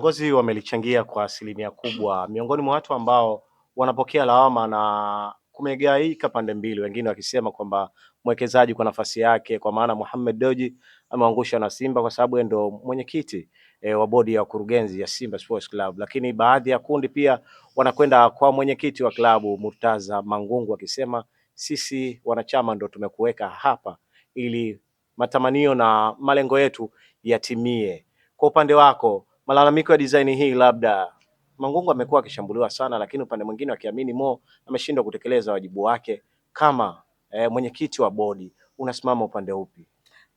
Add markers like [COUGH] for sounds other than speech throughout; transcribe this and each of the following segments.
viongozi wamelichangia kwa asilimia kubwa. Miongoni mwa watu ambao wanapokea lawama na kumegaika pande mbili, wengine wakisema kwamba mwekezaji kwa nafasi yake, kwa maana Mohamed doji ameangusha na Simba kwa sababu ndo mwenyekiti e, wa bodi ya wakurugenzi ya Simba Sports Club, lakini baadhi ya kundi pia wanakwenda kwa mwenyekiti wa klabu Murtaza Mangungu akisema sisi wanachama ndo tumekuweka hapa ili matamanio na malengo yetu yatimie. Kwa upande wako Malalamiko ya design hii, labda Mangungu amekuwa akishambuliwa sana, lakini upande mwingine akiamini Mo ameshindwa kutekeleza wajibu wake kama eh, mwenyekiti wa bodi, unasimama upande upi?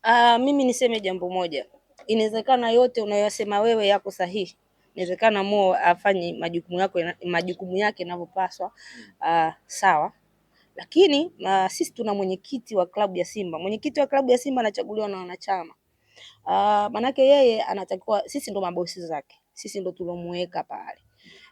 Uh, mimi niseme jambo moja, inawezekana yote unayosema wewe yako sahihi, inawezekana Mo afanye majukumu yako majukumu yake yanavyopaswa, uh, hmm. ah, sawa lakini uh, sisi tuna mwenyekiti wa klabu ya Simba. Mwenyekiti wa klabu ya Simba anachaguliwa na wanachama Uh, ah, maanake yeye anatakiwa, sisi ndo mabosi zake, sisi ndo tulomweka pale.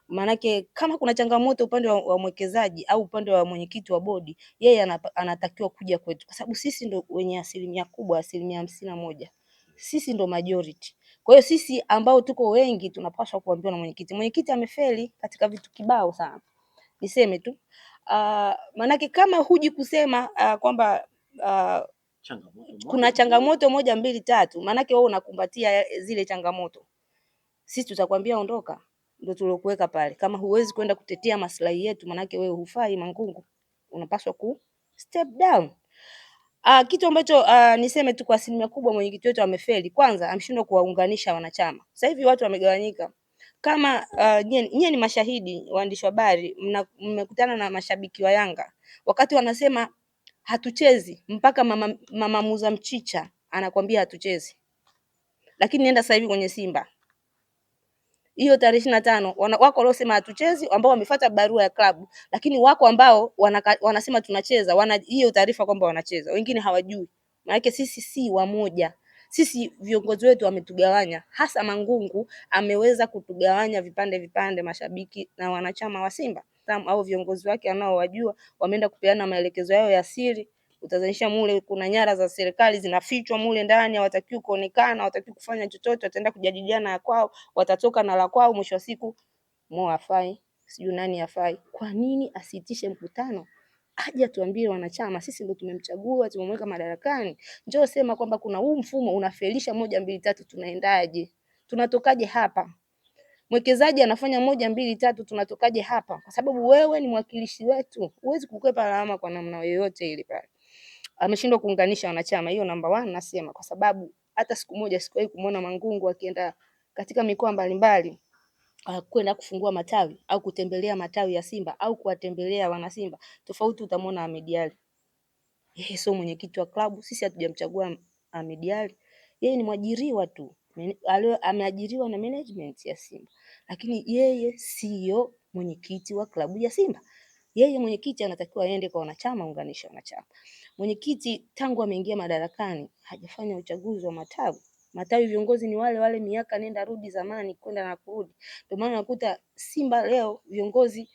Maanake kama kuna changamoto upande wa mwekezaji au upande wa mwenyekiti wa bodi, yeye anatakiwa kuja kwetu, kwa sababu sisi ndo wenye asilimia kubwa, asilimia hamsini na moja sisi ndo majority. Kwa hiyo sisi ambao tuko wengi tunapaswa kuambiwa na mwenyekiti. Mwenyekiti amefeli katika vitu kibao sana, niseme tu uh, ah, maanake kama huji kusema uh, kwamba uh, changamoto kuna changamoto moja mbili tatu, maanake wewe unakumbatia eh, zile changamoto. Sisi tutakwambia ondoka, ndio tuliokuweka pale. Kama huwezi kwenda kutetea maslahi yetu, maanake wewe hufai Mangungu, unapaswa ku step down. Uh, kitu ambacho uh, niseme tu kwa asilimia kubwa mwenyekiti wetu amefeli. Kwanza amshindwa kuwaunganisha wanachama. Sasa hivi watu wamegawanyika kama uh, nyie ni mashahidi waandishi wa habari, mmekutana na mashabiki wa Yanga wakati wanasema hatuchezi mpaka mama, mama muza mchicha anakwambia hatuchezi, lakini nenda sasa hivi kwenye Simba hiyo tarehe ishirini na tano wako waliosema hatuchezi ambao wamefuata barua ya klabu, lakini wako ambao wanaka, wanasema tunacheza, wana hiyo taarifa kwamba wanacheza, wengine hawajui. Maanake sisi si wamoja, sisi viongozi wetu wametugawanya, hasa Mangungu ameweza kutugawanya vipande vipande, mashabiki na wanachama wa Simba tam au viongozi wake anaowajua wameenda kupeana maelekezo yao ya siri, utazanisha mule kuna nyara za serikali zinafichwa mule ndani, hawatakiwi kuonekana, hawatakiwi kufanya chochote, wataenda kujadiliana ya kwao, watatoka na la kwao. Mwisho wa siku Mo afai, sijui nani afai. Kwa nini asiitishe mkutano? Aje tuambie wanachama, sisi ndio tumemchagua, tumemweka madarakani. Njoo sema kwamba kuna huu mfumo unafelisha moja mbili tatu, tunaendaje? Tunatokaje hapa? mwekezaji anafanya moja mbili tatu, tunatokaje hapa? Kwa sababu wewe ni mwakilishi wetu, huwezi kukwepa lawama kwa namna yoyote ile. Pale ameshindwa kuunganisha wanachama, hiyo namba one nasema, kwa sababu hata siku moja sikuwahi kumwona Mangungu akienda katika mikoa mbalimbali Uh, kwenda kufungua matawi au kutembelea matawi ya Simba au kuwatembelea wana Simba, tofauti, utamwona Ahmed Ally. Yeye sio mwenyekiti wa klabu, sisi hatujamchagua Ahmed Ally, yeye ni mwajiriwa tu, ameajiriwa na management ya Simba lakini yeye siyo mwenyekiti wa klabu ya Simba. Yeye mwenyekiti anatakiwa aende kwa wanachama, unganisha wanachama. Mwenyekiti tangu ameingia madarakani hajafanya uchaguzi wa matawi. Matawi viongozi ni wale wale, miaka nenda rudi, zamani kwenda na kurudi. Ndio maana nakuta Simba leo viongozi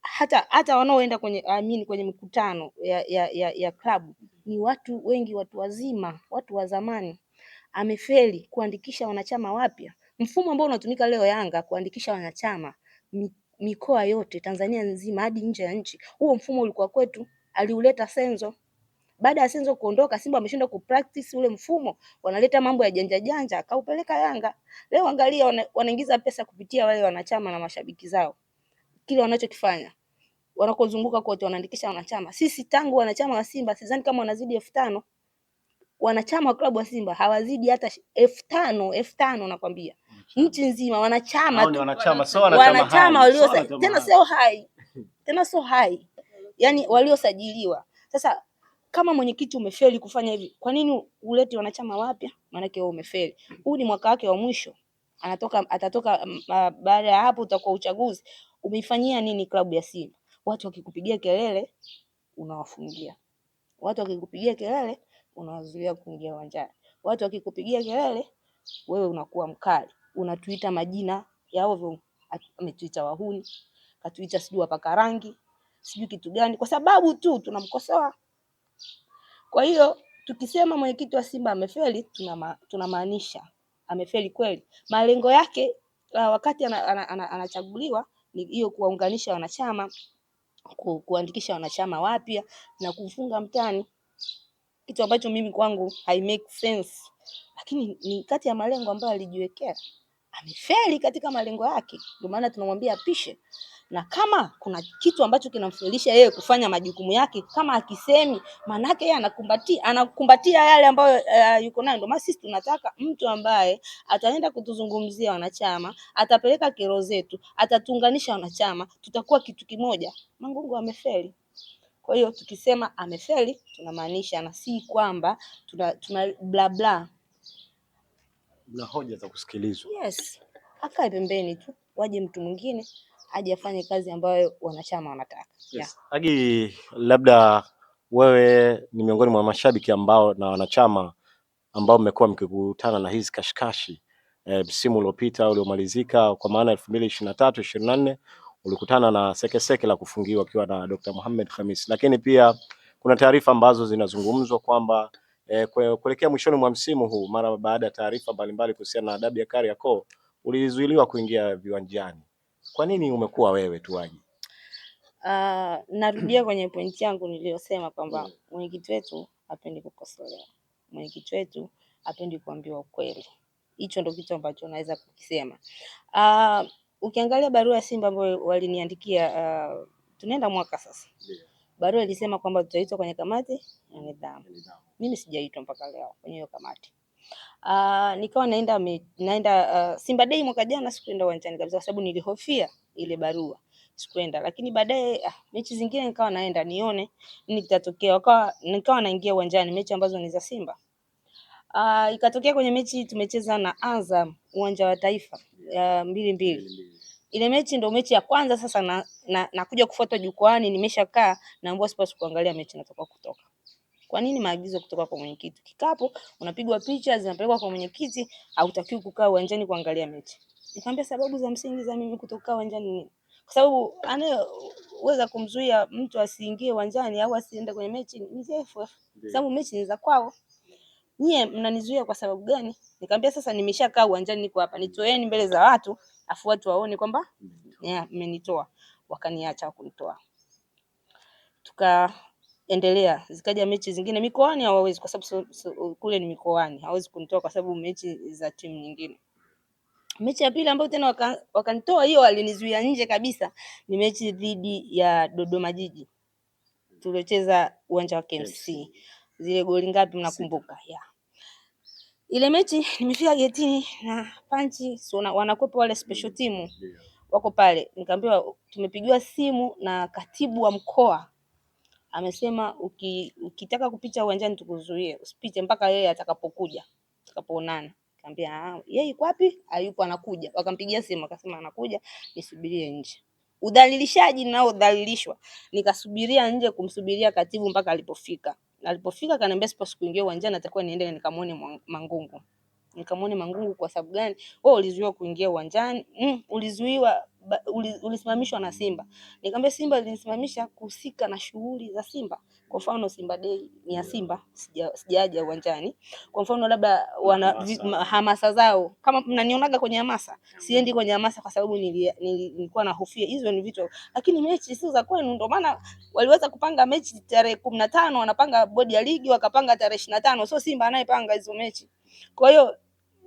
hata hata wanaoenda kwenye I mean, kwenye mikutano ya, ya, ya, ya klabu ni watu wengi, watu wazima, watu wa zamani. Amefeli kuandikisha wanachama wapya Mfumo ambao unatumika leo Yanga kuandikisha wanachama mikoa yote Tanzania nzima hadi nje ya nchi, huo mfumo ulikuwa kwetu, aliuleta Senzo. Baada ya Senzo kuondoka, Simba wameshindwa kupractice ule mfumo, wanaleta mambo ya janja janja, akaupeleka Yanga. Leo angalia, wanaingiza pesa kupitia wale wanachama na mashabiki zao, kile wanachokifanya wanakozunguka kote wanaandikisha wanachama. Sisi tangu wanachama wa Simba sidhani kama wanazidi elfu tano wanachama wa klabu wa Simba hawazidi hata elfu tano elfu tano nakwambia nchi nzima wanachama tu, wanachama wanachama walio tena sio hai tena sio hai, yani waliosajiliwa. Sasa kama mwenyekiti umefeli kufanya hivi, kwa nini ulete wanachama wapya? Maanake wewe umefeli. Huu ni mwaka wake wa mwisho, anatoka atatoka. Mm, ah, baada ya hapo utakuwa uchaguzi. Umeifanyia nini klabu ya Simba? Watu wakikupigia kelele unawafungia, watu wakikupigia kelele unawazuia kuingia uwanjani, watu wakikupigia kelele wewe unakuwa mkali unatuita majina ya ovyo, ametuita wahuni, katuita sijui wapaka rangi, sijui kitu gani, kwa sababu tu tunamkosoa. Kwa hiyo tukisema mwenyekiti wa Simba amefeli, tunamaanisha tuna amefeli kweli. Malengo yake uh, wakati anachaguliwa ana, ana, ana ni hiyo kuwaunganisha wanachama ku, kuandikisha wanachama wapya na kufunga mtani, kitu ambacho mimi kwangu hai make sense, lakini ni kati ya malengo ambayo alijiwekea amefeli katika malengo yake. Ndio maana tunamwambia apishe, na kama kuna kitu ambacho kinamfundisha yeye kufanya majukumu yake, kama akisemi, manake yeye anakumbatia anakumbatia yale ambayo uh, yuko nayo. Ndio maana sisi tunataka mtu ambaye ataenda kutuzungumzia wanachama, atapeleka kero zetu, atatuunganisha wanachama, tutakuwa kitu kimoja. Mangungu amefeli. Kwa hiyo tukisema amefeli tunamaanisha, na si kwamba tuna, tuna bla bla mna hoja za kusikilizwa. Yes, akae pembeni tu, waje mtu mwingine aje afanye kazi ambayo wanachama wanataka. Yes. Yeah. Agi, labda wewe ni miongoni mwa mashabiki ambao na wanachama ambao mmekuwa mkikutana na hizi kashikashi e, msimu uliopita uliomalizika kwa maana elfu mbili ishirini na tatu ishirini na nne ulikutana na sekeseke seke la kufungiwa akiwa na Dr. Mohamed Khamis, lakini pia kuna taarifa ambazo zinazungumzwa kwamba E, kuelekea mwishoni mwa msimu huu mara baada ya taarifa mbalimbali kuhusiana na dabi ya Kariakoo ulizuiliwa kuingia viwanjani. Kwa nini umekuwa wewe tu waje? Uh, ah, narudia kwenye pointi yangu niliyosema kwamba mwenyekiti wetu hapendi kukosolewa, mwenyekiti wetu hapendi kuambiwa ukweli. Hicho ndio kitu ambacho naweza kukisema. Uh, ukiangalia barua ya Simba ambayo waliniandikia, uh, tunaenda mwaka sasa yeah. Barua ilisema kwamba tutaitwa kwenye kamati ya nidhamu. Mimi sijaitwa mpaka leo kwenye hiyo kamati. Uh, nikawa naenda naenda uh, Simba Day mwaka jana sikuenda uwanjani kabisa kwa sababu nilihofia ile barua. Sikuenda lakini baadaye ah, mechi zingine nikawa naenda nione nini kitatokea. Wakawa nikawa naingia uwanjani mechi ambazo ni za Simba. Uh, ikatokea kwenye mechi tumecheza na Azam uwanja wa Taifa uh, mbili mbili ile mechi ndio mechi ya kwanza sasa na, na, na kuja kufuata jukwani, nimeshakaa naambiwa sipaswi kuangalia mechi, natoka kutoka. Kwa nini? Maagizo kutoka kwa mwenyekiti. Kikapo unapigwa picha zinapelekwa kwa mwenyekiti, hautakiwi kukaa uwanjani kuangalia mechi. Nikamwambia sababu za msingi za mimi kutoka uwanjani ni kwa sababu anayeweza kumzuia mtu asiingie uwanjani au asiende kwenye mechi ni TFF, sababu mechi ni za kwao. Nyie mnanizuia kwa sababu gani? Nikamwambia sasa, nimeshakaa uwanjani, niko hapa, nitoeni mbele za watu afu watu waone kwamba mmenitoa, wakaniacha kunitoa. Tukaendelea, zikaja mechi zingine mikoani, hawawezi kwa sababu so, kule ni mikoani, hawezi kunitoa kwa sababu mechi za timu nyingine. Mechi ya pili ambayo tena wakanitoa waka hiyo, walinizuia nje kabisa, ni mechi dhidi ya Dodoma Jiji tuliocheza uwanja wa KMC, zile goli ngapi mnakumbuka? yeah. Ile mechi nimefika getini na panchi so wanakuwepo wale special team wako pale, nikaambiwa tumepigiwa simu na katibu wa mkoa amesema uki, ukitaka kupita uwanjani tukuzuie usipite mpaka yeye atakapokuja atakapoonana. Nikamwambia ah, yeye yuko wapi? Hayupo, anakuja. Wakampigia simu akasema anakuja, nisubirie nje. Udhalilishaji nao udhalilishwa, nikasubiria nje kumsubiria katibu mpaka alipofika. Alipofika akaniambia sipo sikuingia uwanjani, natakiwa niende nikamwone Mangungu. Nikamwone Mangungu kwa sababu gani? Wewe ulizuiwa kuingia uwanjani. Mm, ulizuiwa ulisimamishwa na Simba. Nikamwambia Simba linisimamisha kuhusika na shughuli za Simba. Kwa mfano Simba Day ni ya Simba, sijaja uwanjani. Kwa mfano labda wana hamasa, zao kama mnanionaga kwenye hamasa, siendi kwenye hamasa kwa sababu nilikuwa na hofia hizo ni vitu, lakini mechi sio za kwenu. Ndio maana waliweza kupanga mechi tarehe kumi na tano wanapanga bodi ya ligi wakapanga tarehe ishirini na tano sio Simba anayepanga hizo mechi. Kwa hiyo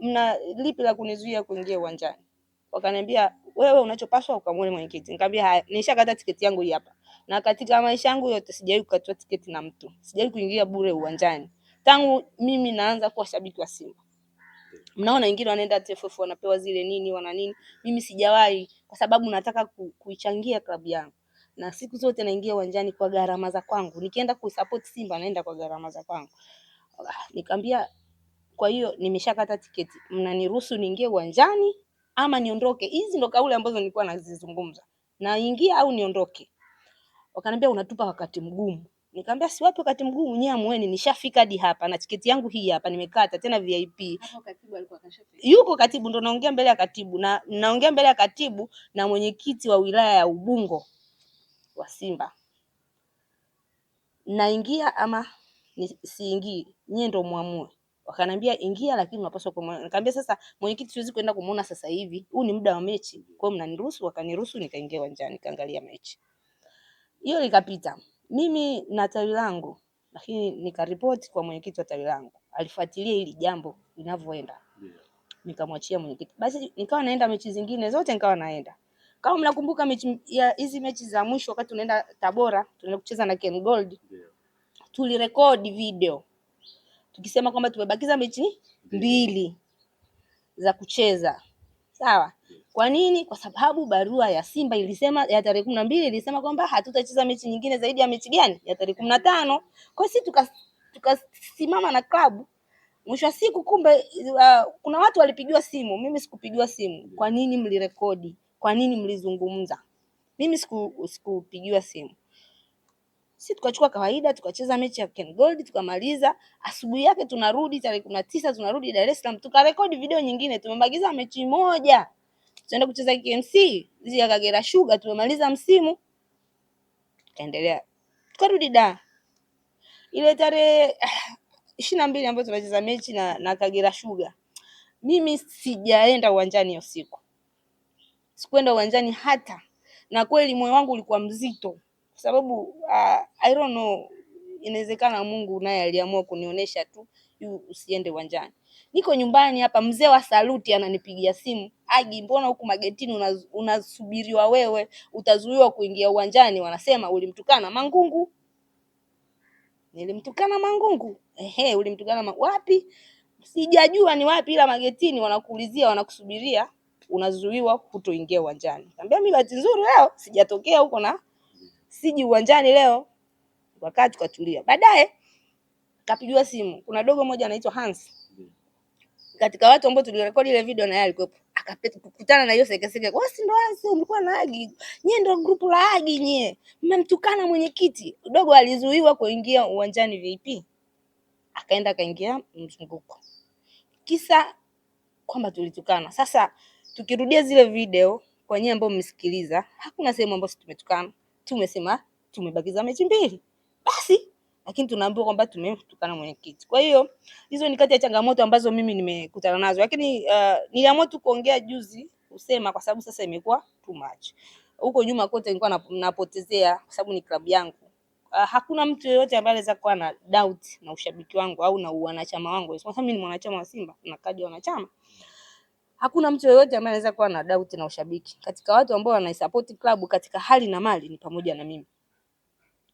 mna lipi la kunizuia kuingia uwanjani? wakaniambia wewe unachopaswa ukamwone mwenyekiti. Nikamwambia haya, nishakata tiketi yangu hii hapa. Na katika maisha yangu yote sijawahi kukatwa tiketi na mtu, sijawahi kuingia bure uwanjani tangu mimi naanza kuwa shabiki wa Simba. Mnaona wengine wanaenda TFF wanapewa zile nini wana nini, mimi sijawahi, kwa sababu nataka ku, kuichangia klabu yangu na siku zote naingia uwanjani kwa gharama za kwangu. Nikienda kuisupport Simba naenda kwa gharama za kwangu. Ah, nikamwambia kwa hiyo nimeshakata tiketi, mnaniruhusu niingie uwanjani ama niondoke. Hizi ndo kauli ambazo nilikuwa nazizungumza, naingia au niondoke. Wakaniambia unatupa wakati mgumu. Nikamwambia si wapi wakati mgumu, nyewe muone, nishafika hadi hapa na tiketi yangu hii hapa, nimekata tena VIP. Hapo katibu alikuwa kashafika. Yuko katibu, ndo naongea mbele ya katibu na naongea mbele ya katibu na mwenyekiti wa wilaya ya Ubungo wa Simba. Naingia ama siingii, nyie ndo muamue. Wakaniambia ingia, lakini unapaswa kumwona. Nikamwambia sasa, mwenyekiti, siwezi kwenda kumuona sasa hivi, huu ni muda wa mechi, kwa hiyo mnaniruhusu? Wakaniruhusu, nikaingia uwanjani, nikaangalia mechi hiyo. Ikapita mimi na tawi langu, lakini nikaripoti kwa mwenyekiti wa tawi langu, alifuatilia hili jambo linavyoenda, nikamwachia mwenyekiti. Basi nikawa naenda mechi zingine zote, nikawa naenda kama mnakumbuka mechi ya hizi mechi za mwisho, wakati tunaenda Tabora, tunaenda kucheza na Ken Gold, tulirekodi video tukisema kwamba tumebakiza mechi mbili za kucheza sawa. Kwa nini? Kwa sababu barua ya Simba ilisema ya tarehe kumi na mbili ilisema kwamba hatutacheza mechi nyingine zaidi ya mechi gani ya tarehe kumi na tano. Kwa hiyo sisi tukasimama na klabu mwisho wa siku kumbe, uh, kuna watu walipigiwa simu, mimi sikupigiwa simu. Kwa nini mlirekodi? Kwa nini mlizungumza? Mimi siku sikupigiwa simu si tukachukua kawaida, tukacheza mechi ya Ken Gold tukamaliza. Asubuhi yake tunarudi tarehe kumi na tisa tunarudi Dar es Salaam tukarekodi video nyingine, tumembagiza mechi moja tuende kucheza KMC dhidi ya Kagera Sugar, tumemaliza msimu tukaendelea tukarudi da ile tarehe [SIGHS] ishirini na mbili ambayo tunacheza mechi na, na Kagera Sugar, mimi sijaenda uwanjani hiyo siku, sikuenda uwanjani hata na kweli moyo wangu ulikuwa mzito kwa sababu uh, I don't know, inawezekana Mungu naye aliamua kunionyesha tu yu, usiende uwanjani. Niko nyumbani hapa, mzee wa saluti ananipigia simu, Agi, mbona huku magetini unasubiriwa? unasubiriwa wewe, utazuiwa kuingia uwanjani, wanasema ulimtukana Mangungu. Nilimtukana Mangungu? Ehe, ulimtukana ma... wapi? Sijajua ni wapi, ila magetini wanakuulizia, wanakusubiria, unazuiwa kutoingia uwanjani. Kaambia mimi bahati nzuri leo sijatokea huko na siji uwanjani leo. Tukakaa tukatulia. Baadaye kapigiwa simu, kuna dogo moja anaitwa Hans katika watu ambao tulirekodi ile video na yeye alikuwepo, akakutana na hiyo sekeseke. si ndo wazi mlikuwa na Agi nyie, ndo grupu la Agi nyie, mmemtukana mwenyekiti. Dogo alizuiwa kuingia uwanjani VIP, akaenda akaingia mzunguko, kisa kwamba tulitukana. Sasa tukirudia zile video kwa nyie ambao mmesikiliza, hakuna sehemu ambayo tumetukana tumesema tumebakiza mechi mbili basi, lakini tunaambiwa kwamba tumemtukana mwenyekiti. Kwa hiyo hizo ni kati ya changamoto ambazo mimi nimekutana nazo, lakini uh, niliamua tu kuongea juzi kusema kwa sababu sasa imekuwa too much. Huko nyuma kote nilikuwa napotezea kwa sababu ni klabu yangu. Uh, hakuna mtu yeyote ambaye anaweza kuwa na doubt na ushabiki wangu au na uwanachama wangu. Kwa sababu mimi ni mwanachama wa Simba na kadi ya wanachama. Hakuna mtu yoyote ambaye anaweza kuwa na doubt na ushabiki. Katika watu ambao wanaisupport klabu katika hali na mali ni pamoja na mimi.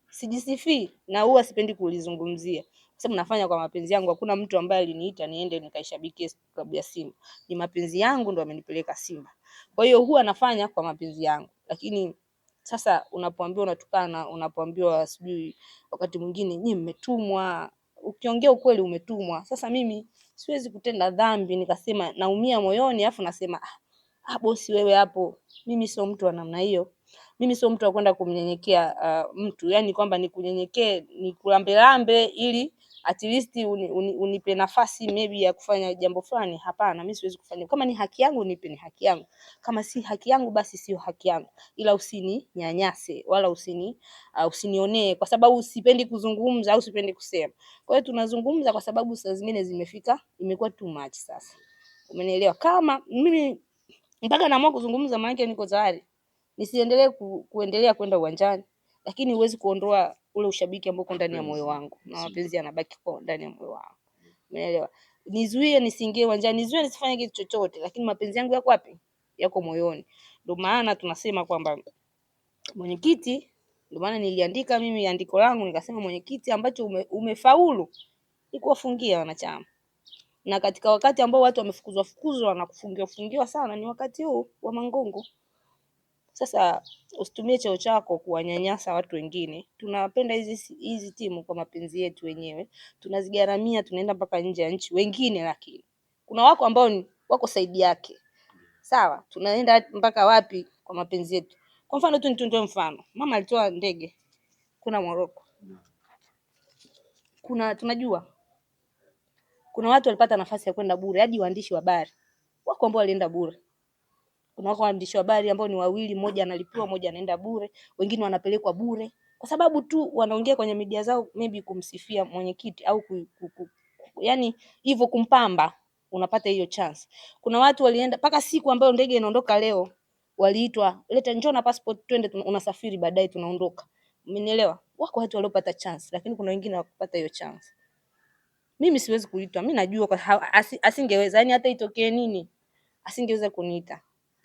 Sijisifi na huwa sipendi kulizungumzia kwa sababu nafanya kwa mapenzi yangu. Hakuna mtu ambaye aliniita niende nikaishabikie klabu ya Simba. Ni mapenzi yangu ndo amenipeleka Simba. Kwa hiyo huwa nafanya kwa mapenzi yangu, lakini sasa unapoambiwa unatukana, unapoambiwa sijui, wakati mwingine nyie mmetumwa, ukiongea ukweli umetumwa. Sasa mimi siwezi kutenda dhambi nikasema naumia moyoni, afu nasema ah, ah, bosi wewe hapo, mimi sio mtu wa namna hiyo, mimi sio mtu wa kwenda kumnyenyekea uh, mtu, yani kwamba nikunyenyekee nikulambelambe ili at least unipe nafasi maybe ya kufanya jambo fulani. Hapana, mimi siwezi kufanya. Kama ni haki yangu nipe, ni haki yangu. Kama si haki yangu, basi sio haki yangu, ila usininyanyase wala usini uh, usinionee kwa sababu sipendi kuzungumza au sipendi kusema. Kwa hiyo tunazungumza kwa sababu saa zingine zimefika, imekuwa too much sasa. Umenielewa? Kama mimi mpaka naamua kuzungumza, maana yake niko tayari nisiendelee ku, kuendelea kwenda uwanjani lakini huwezi kuondoa ule ushabiki ambao uko ndani ya moyo wangu, na mapenzi yanabaki kwa ndani ya moyo wangu. Umeelewa? Nizuie nisiingie uwanjani, nizuie nisifanye kitu chochote, lakini mapenzi yangu yako wapi? Yako moyoni. Ndio maana tunasema kwamba mwenyekiti, ndio maana niliandika mimi andiko langu nikasema, mwenyekiti, ambacho ume, umefaulu ni kuwafungia wanachama na katika wakati ambao watu wamefukuzwa fukuzwa na kufungiwa fungiwa sana ni wakati huu wa Mangungu. Sasa usitumie cheo chako kuwanyanyasa watu wengine. Tunapenda hizi hizi timu kwa mapenzi yetu wenyewe, tunazigaramia, tunaenda mpaka nje ya nchi wengine, lakini kuna wako ambao ni wako saidi yake, sawa. Tunaenda mpaka wapi kwa mapenzi yetu. Kwa mfano tu nitoe mfano, mama alitoa ndege kuna Morocco, kuna tunajua kuna watu walipata nafasi ya kwenda bure, hadi waandishi wa habari wako ambao walienda bure. Kunawako waandishi wa habari ambao ni wawili, mmoja analipiwa, mmoja anaenda bure, wengine wanapelekwa bure kwa sababu tu wanaongea kwenye media zao maybe kumsifia mwenyekiti au ku, ku, ku, yani hivyo kumpamba, unapata hiyo chance. Kuna watu walienda mpaka siku ambayo ndege inaondoka leo, waliitwa leta, njoo na passport, twende, unasafiri baadaye tunaondoka. Umenielewa? Wako watu waliopata chance, lakini kuna wengine hawakupata hiyo chance. Mimi siwezi kuitwa, mimi najua asingeweza, yani hata itokee nini asingeweza kuniita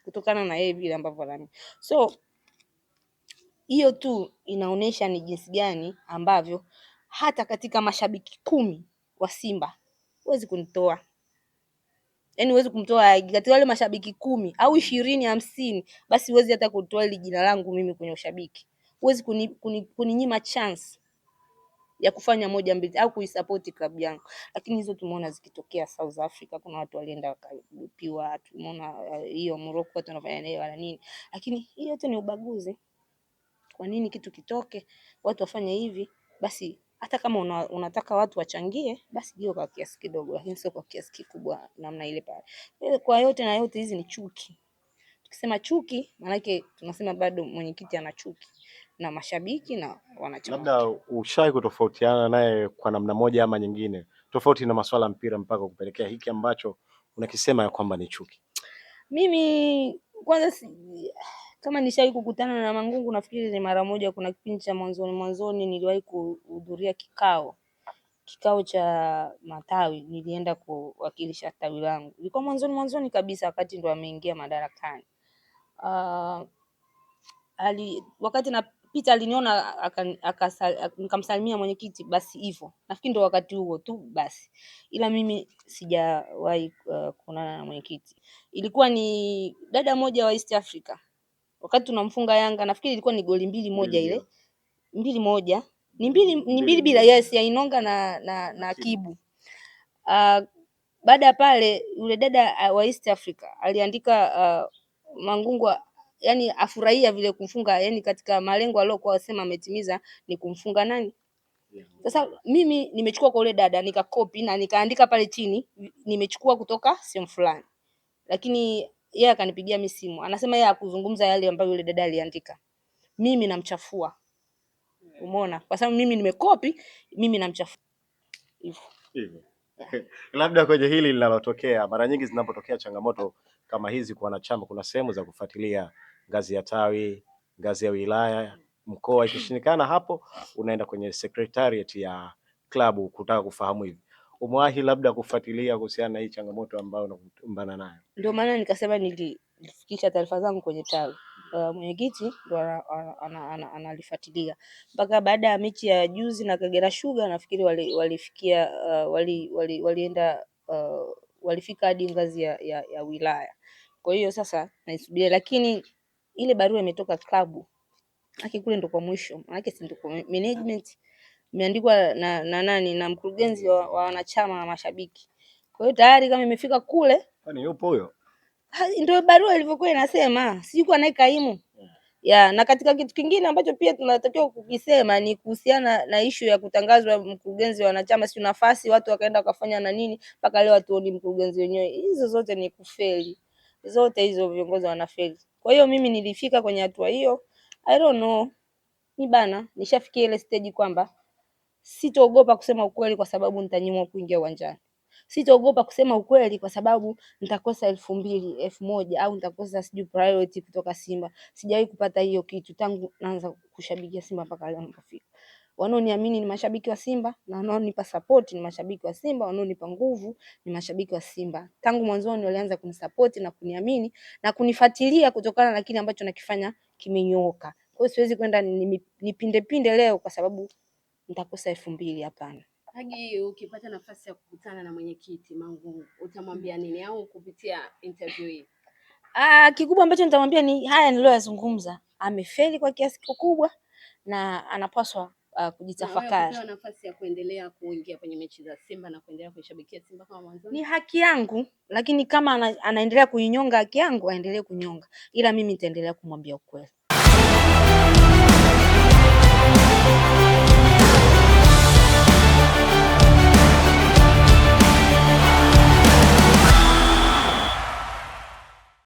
kutokana na yeye vile ambavyo anani. So hiyo tu inaonyesha ni jinsi gani ambavyo hata katika mashabiki kumi wa Simba huwezi kunitoa yaani huwezi kumtoa kati katika wale mashabiki kumi au ishirini hamsini, basi huwezi hata kutoa ile jina langu mimi kwenye ushabiki, huwezi kuninyima kuni, kuni chance ya kufanya moja mbili au kuisapoti klabu yangu, lakini hizo tumeona zikitokea South Africa, kuna watu walienda wakalipiwa, tumeona eh, hiyo uh, Morocco watu wanafanya nayo wala nini, lakini hiyo yote ni ubaguzi. Kwa nini kitu kitoke watu wafanye hivi? Basi hata kama una, unataka watu wachangie, basi hiyo kwa kiasi kidogo, lakini sio kwa kiasi kikubwa namna ile pale. Eh, kwa yote na yote, hizi ni chuki. Tukisema chuki, maanake tunasema bado mwenyekiti ana chuki na mashabiki na wanachama. Labda ushawahi kutofautiana naye kwa namna moja ama nyingine, tofauti na masuala ya mpira, mpaka kupelekea hiki ambacho unakisema ya kwamba ni chuki? Mimi kwanza si, kama nishawahi kukutana na Mangungu nafikiri ni mara moja. Kuna kipindi cha mwanzoni mwanzoni niliwahi kuhudhuria kikao kikao cha matawi, nilienda kuwakilisha tawi langu, ilikuwa mwanzoni mwanzoni kabisa, wakati ndo ameingia madarakani. Uh, ali, wakati napita aliniona nikamsalimia mwenyekiti, basi hivyo nafikiri ndo wakati huo tu basi, ila mimi sijawahi uh, kuonana na mwenyekiti. Ilikuwa ni dada moja wa East Africa wakati tunamfunga Yanga, nafikiri ilikuwa ni goli mbili moja ile mbili moja ni mbili ni mbili bila yes ya Inonga na na, na Kibu uh, baada ya pale yule dada uh, wa East Africa aliandika uh, Mangungwa yani afurahia vile kumfunga, yani katika malengo aliyokuwa wasema ametimiza ni kumfunga nani? Sasa mimi nimechukua kwa ule dada nikakopi na nikaandika pale chini, nimechukua kutoka sehemu fulani, lakini yeye akanipigia mimi simu, anasema yeye akuzungumza yale ambayo yule dada aliandika. Mimi namchafua, umeona? Kwa sababu mimi nimekopi, mimi namchafua hivyo. [LAUGHS] Labda kwenye hili linalotokea mara nyingi, zinapotokea changamoto kama hizi kwa wanachama, kuna sehemu za kufuatilia ngazi ya tawi, ngazi ya wilaya, mkoa. Ikishindikana hapo, unaenda kwenye secretariat ya klabu kutaka kufahamu hivi umewahi labda kufuatilia kuhusiana na hii changamoto ambayo unakumbana nayo? Ndio maana nikasema nilifikisha taarifa zangu kwenye tawi. Uh, mwenyekiti ndo analifuatilia mpaka baada ya mechi ya juzi na Kagera Sugar, nafikiri walifikia uh, wali walienda uh, wali, wali uh, walifika hadi ngazi ya, ya, ya wilaya. Kwa hiyo sasa naisubiria, lakini ile barua imetoka klabu aki kule ndo kwa mwisho, manake si ndo kwa management imeandikwa na, na nani na mkurugenzi wa, wa wanachama na mashabiki. Kwa hiyo tayari kama imefika kule, kwani yupo huyo? Ndio barua ilivyokuwa inasema, sijui kwa naye kaimu Yeah, na katika kitu kingine ambacho pia tunatakiwa kukisema ni kuhusiana na ishu ya kutangazwa mkurugenzi wa wanachama, si nafasi watu wakaenda wakafanya na nini, mpaka leo hatuoni mkurugenzi wenyewe. Hizo zote ni kufeli, zote hizo viongozi wanafeli. Kwa hiyo mimi nilifika kwenye hatua hiyo, I don't know, ni bana, nishafikia ile stage kwamba sitoogopa kusema ukweli, kwa sababu nitanyimwa kuingia uwanjani sitaogopa kusema ukweli kwa sababu nitakosa elfu mbili elfu moja au nitakosa sijui priority kutoka Simba. Sijawahi kupata hiyo kitu tangu naanza kushabikia Simba mpaka leo nilipofika. Wanaoniamini ni mashabiki wa Simba na wanaonipa support ni mashabiki wa Simba, wanaonipa nguvu ni mashabiki wa Simba. Tangu mwanzoni walianza kunisupport na kuniamini na kunifuatilia kutokana na kile ambacho nakifanya kimenyooka. Kwa hiyo siwezi kwenda nipindepinde leo kwa sababu nitakosa elfu mbili. Hapana. Hagi, ukipata nafasi ya kukutana na mwenyekiti Mangu utamwambia mm. nini au kupitia interview hii? Ah, kikubwa ambacho nitamwambia ni haya niliyoyazungumza. Amefeli kwa kiasi kikubwa na anapaswa uh, kujitafakari. Na nafasi ya kuendelea kuingia kwenye mechi za Simba na kuendelea kuishabikia Simba kama mwanzo. Ni haki yangu, lakini kama ana, anaendelea kuinyonga haki yangu aendelee kunyonga, ila mimi nitaendelea kumwambia ukweli.